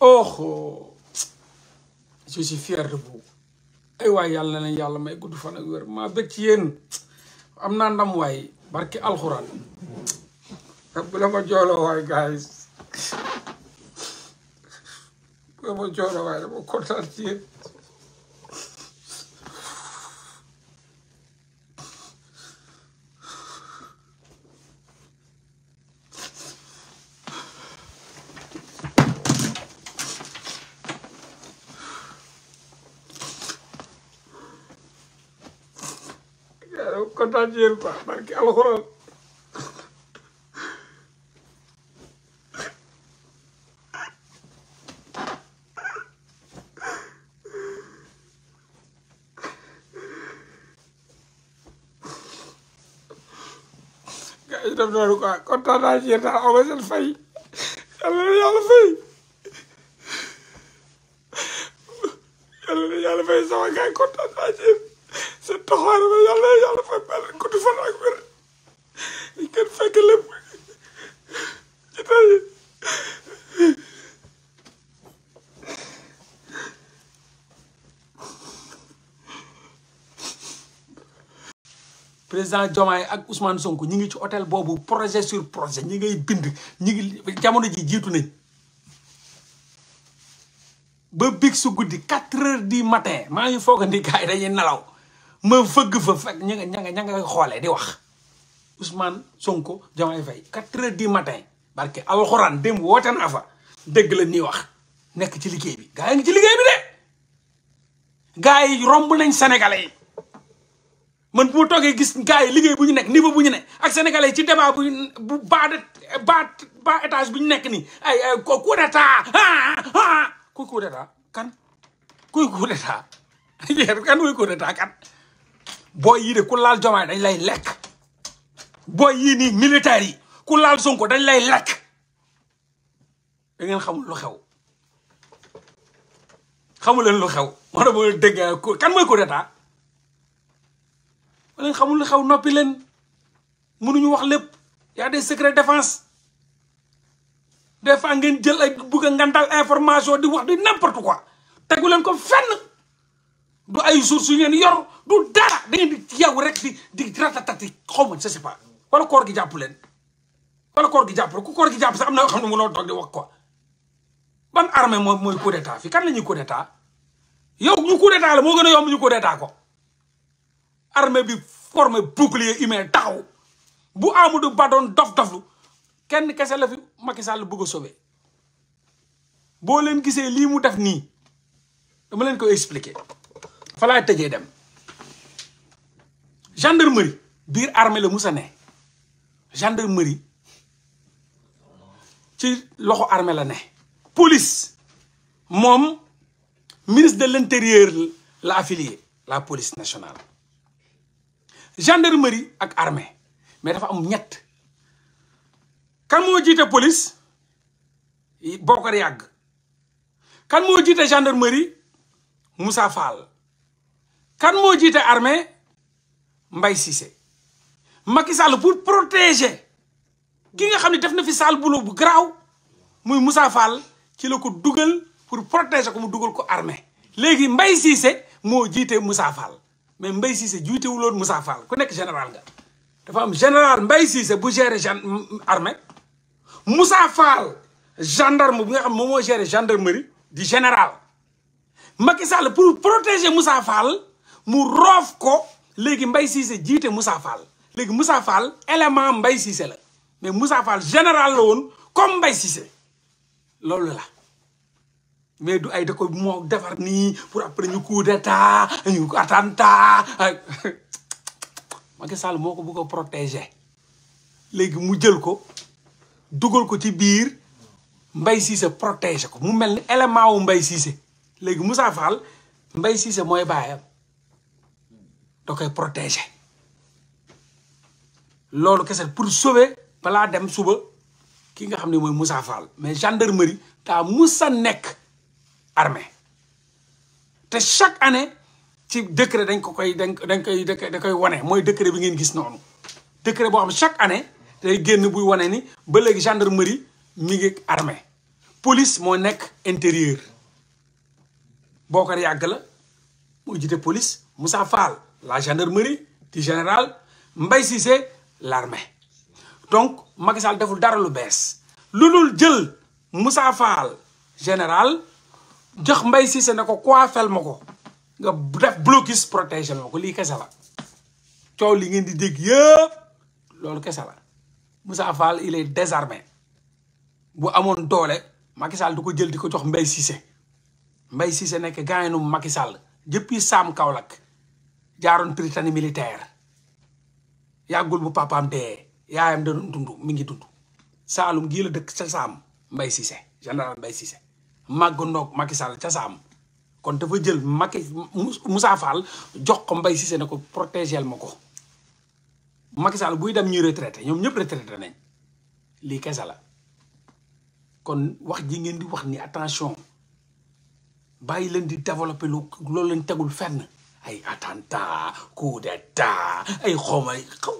oh je suis fier de waay yàlla na leen yàlla may gudd fan ak wér maa bëgg ci am naa ndam waay barki alxuraan bu la ma jooloo waay guys bu la ma jooloo waay dama kontaan ci yéen kontaan ci yéen quoi barki alxuraan gaa yi def noonu quoi kontaan naa ci yéen daal aw ma seen fay yàlla na yàlla fay yàlla na yàlla fay sama gaa yi kontaan naa ci seen taxawaay dama yàlla yàlla fay ñu président Diomaye ak Ousmane Sonko ñi ngi ci hôtel boobu projet sur projet ñi ngay bind ñi ngi jamono ji jiitu nañ ba big su guddi quatre heures du matin maa ngi foog ni dañuy nelaw ma fëgg fa fekk ña nga ña nga ña nga xoolee di wax Ousmane Sonko Diomaye Faye quatre heures du matin barke alxuraan dem woote naa fa dégg la nii wax nekk ci liggéey bi gaa yi ci liggéey bi de romb nañ sénégalais yi man bu ma toogee gis gaa yi liggéey bu ñu nekk niveau bu ñu ne ak sénégalais ci débat bu bu bas ba étage bu ñu nekk nii ay coup d'état ah, ah, ah. kuy coup d'état kan kuy coup d'état kan kuy coup d'état kan boo yii de ku laal jomaay dañ lay lekk booy yii nii militaire yi ku laal sonko dañ lay lekk da ngeen xamul lu xew xamu leen lu xew moo tax ma dégg kan mooy coup d'état ma xamul lu xew noppi leen mënuñu wax lépp y a des secret défense des fois ngeen jël ay bugg a ngandal information di wax di n'importe quoi tegu leen ko fenn du ay jours yu ngeen yor du dara da ngeen di yow rek di di ratatati xaw ma je sais pas wala koor gi jàpp leen wala koor gi jàpp ku koor gi jàpp sax am na yoo xam ne mu loo toog wax quoi ban armée mooy mooy coup kan la ñuy coup yow ñu coup moo a yomb ñu ko armée bi formé bouclier humain taxaw bu Amadou Ba doon dof-doflu kenn kese la fi Macky Sall bëgg a sauver boo leen gisee lii mu def nii dama leen koy expliquer fa laay tëjee dem gendarmerie biir armée la musa ne gendarmerie ci loxo armée la ne police moom ministre de l'intérieur la affilié la police nationale gendarmerie ak armée mais dafa am ñett kan moo jiite police Bokar Yàgg kan moo jiite gendarmerie Moussa Fall kan moo jiite armée mbay Cissé Macky Sall pour protéger ki nga xam ne def na fi sale boulot bu garaaw muy Moussa Fall ci la ko dugal pour protéger ko mu dugal ko armée léegi mbay siise moo jiite Moussa Fall mais Mbaye Cissé jiitewuloon Moussa Fall ku nekk général nga dafa am général Mbaye Cissé bu gérer gen musa Moussa Fall gendarme bu nga xam moom moo gérer gendarmerie di général Macky Sall pour protéger Moussa Fall mu roof ko léegi mbay Cissé jiite Moussa Fall léegi Moussa Fall élément mbay Cissé la mais Moussa Fall général la woon comme mbay Cissé loolu la mais du ay da ko moo defar nii pour après ñu coup d'état ñu attentat Macky Sall moo ko bëgg a protéger léegi mu jël ko dugal ko ci biir Mbaye Cissé protéger ko mu mel ni élément wu mbay Cissé léegi Moussa Fall mbay Cissé mooy baayam da koy protéger loolu kese pour sauver balaa dem suba ki nga xam ne mooy Moussa Fall mais gendre gendarmerie daa Moussa nekk armée te chaque année ci décret dañ ko koy dañ koy da koy wane mooy décret bi ngeen gis noonu décret boo xam chaque année day génn buy wane ni ba léegi gendre gendarmerie mi ngi armée police moo nekk intérieur ko Yàgg la moo jiite police Moussa Fall la gendarmerie ti général mbay Cissé l'armée donc Macky deful dara lu bees lu dul jël Moussa Fall général jox Mbaye Cissé ne ko coifel ma ko nga def blocus protéger ma ko lii kese la coow li ngeen di dégg yëpp loolu kese la Moussa Fall il est désarmé bu amoon doole Macky Sall du ko jël di ko jox Mbaye Cissé Mbaye Cissé nekk gaañu Macky Sall depuis Sam Kaolack jaaroon Prytanée militaire yàggul bu papaam dee yaayam da doon dund mi ngi dund Saalum gii la dëkk ca Saam Mbaye Cissé général Mbaye Cissé màgg ndoog Macky Sall ca Saam kon dafa jël Macky Moussa Fall jox ko Mbaye Cissé ne ko protégel ma ko Macky Sall buy dem ñuy retraité ñoom ñëpp retraité nañ lii kese la kon wax ji ngeen di wax ni attention bàyyi leen di développé lu loolu leen tegul fenn ay attentat coup d'état ay xawma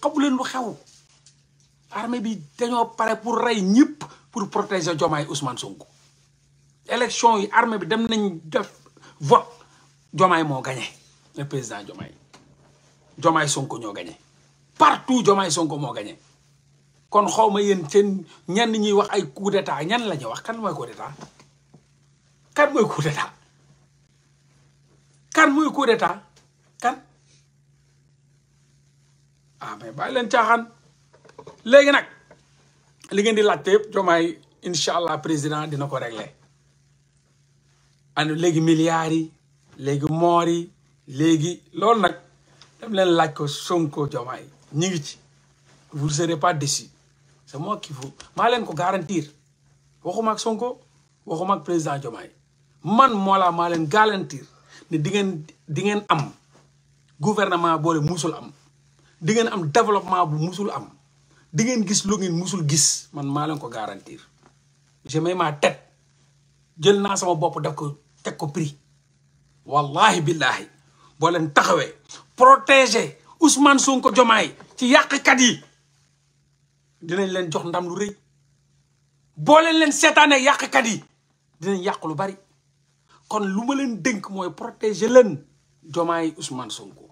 xamu leen bu xew armée bi dañoo pare pour rey ñëpp pour protéger Diomaye Ousmane Sonko élection yi armée bi dem nañ def vote Diomaye moo gagné le président Diomaye Diomaye Sonko ñoo gagné partout Diomaye Sonko moo gagné kon xawma yéen seen ñenn ñuy wax ay coup d'état ñan la ñuy wax kan mooy coup d'état kan mooy coup d'état kan muy coup d'état kan ah mais bàyyi leen caaxaan léegi nag li ngeen di laajte yëpp jomaay incha allah président dina ko régler and léegi milliards yi léegi moor yi léegi loolu nag dem leen laaj ko Sonko jomaay ñu ngi ci vous serez pas déçus c'est moi qui vous maa leen ko garantir waxuma Sonko waxuma ak président jomaay man moo laa maa leen garantir ne di ngeen di ngeen am gouvernement boole musul am di ngeen am développement bu musul am di ngeen gis lu ngeen musul gis man maa leen ko garantir je mets ma tête jël naa sama bopp def ko teg ko prix wallahi billahi boo leen taxawee protéger Ousmane Sonko Jomaay ci yàqkat yi dinañ leen jox ndam lu rëy boo leen leen seetaanee yàqkat yi dinañ yàq lu bari kon lu ma leen dénk mooy protéger leen Diomaye Ousmane Sonko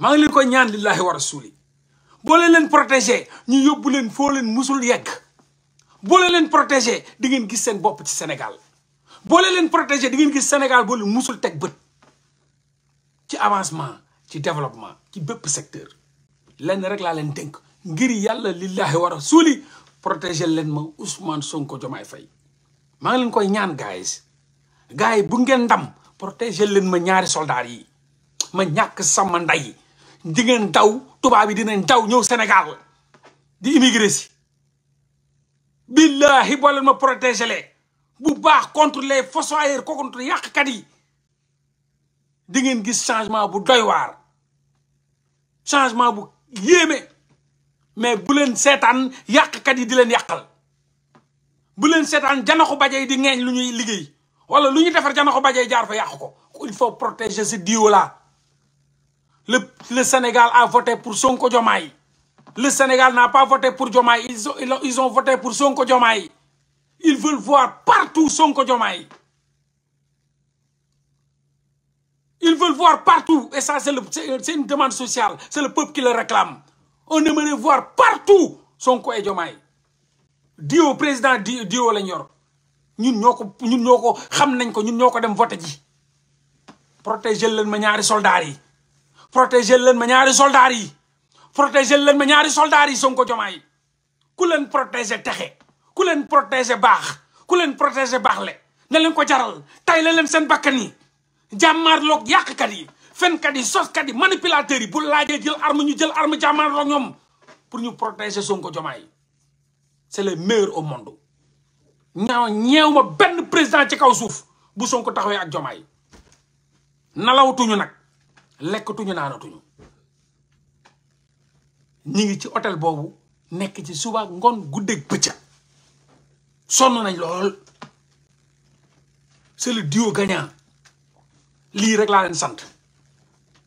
maa ngi leen koy ñaan lillahi wa rasuli boo leen leen protéger ñu yóbbu leen foo leen musul yegg boole leen leen protéger di ngeen gis seen bopp ci Sénégal boole leen leen protéger di ngeen gis Sénégal boo leen musul teg bët ci avancement ci développement ci bépp secteur lenn rek laa leen dénk ngir yàlla lillahi wa suuli protéger leen ma Ousmane Sonko Diomaye fay maa ngi leen koy ñaan guys gars yi bu ngeen ndam protéger leen ma ñaari soldaar yi ma ñàkk sama nday di ngeen daw tubaab yi dinañ daw ñëw Sénégal di immigré si billahi boo ma protéger leen bu baax contre les fossoyeurs ko contre yàqkat yi di ngeen gis changement bu doy changement bu yéeme mais bu leen seetaan yàqkat yi di leen yàqal bu leen seetaan janaxu baje yi di ngeeñ lu ñuy liggéey wala lu ñu defar jana ko bajee jaar fa yàq ko il faut protéger ce duo là le le Sénégal a voté pour Sonko Diomaye le Sénégal n'a pas voté pour Diomaye ils ont voté pour Sonko jomay ils veulent voir partout Sonko Diomaye ils veulent voir partout et ça c'est le c'est une demande sociale c'est le peuple qui le réclame on aimerait voir partout Sonko et Diomaye dio président dio la ñor ñun ñoo ko ñun ñoo ko xam nañ ko ñun ñoo ko dem voté ji protéger leen ma ñaari soldats yi protéger leen ma ñaari soldats yi protéger leen ma ñaari soldats yi Sonko Jomaay yi ku leen protéger texe ku leen protéger baax ku leen protéger baax le ne leen ko jaral tay le leen seen bakkan yi jàmmaarloog yàqkat yi fenkat yi soskat yi manipulateurs yi bu laajee jël arme ñu jël arme jàmmaarloog ñoom pour ñu protéger Sonko Jomaay yi c'est le meilleur au monde ñaaw ñeew ma benn président ci kaw suuf bu Sonko taxawee ak Jomaay nalawtuñu nag lekkatuñu naanatuñu ñi ngi ci hôtel boobu nekk ci suba ngoon guddeeg bëccëg sonn nañ lool c'est le duo lii rek laa leen sant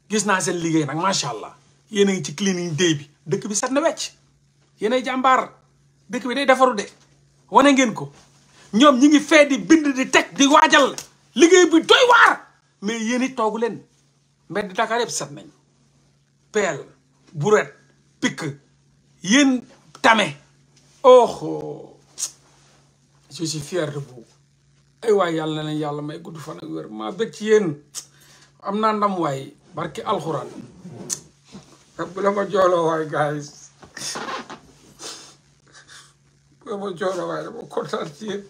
gis naa seen liggéey nag macha allah yéen a ngi ci cleaning day bi dëkk bi set na wecc yéenay jàmbaar dëkk bi day defaru de wane ngeen ko ñoom ñi ngi fee di bind di teg di waajal liggéey bi doy waar mais yéen i toog leen mbedd Dakar yëpp set nañ peel buret pikk yéen tame oh je suis fier de ay waay yàlla na leen yàlla may gudd fan ak wér maa bëgg ci yéen am naa ndam waay barki alxuraan bu la ma jooloo waay guys loolu mooy coono waaye dama kontaan ci yéen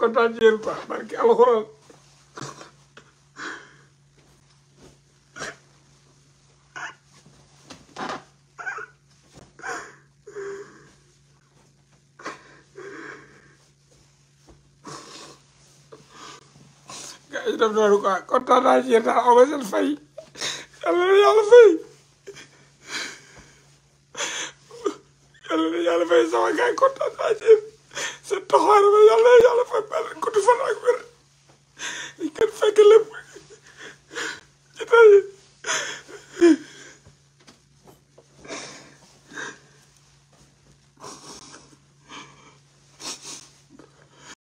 kontaan ci yéen quoi yi def noonu quoi kontaan naa ci yéen daal aw ma seen fay yàlla na yàlla fay yàlla na yàlla fay sama gars yi kontaan naa ci yéen seen taxawaay dama yàlla na yàlla fay baal gudd fan ak wér li ngeen fekk lépp ci tey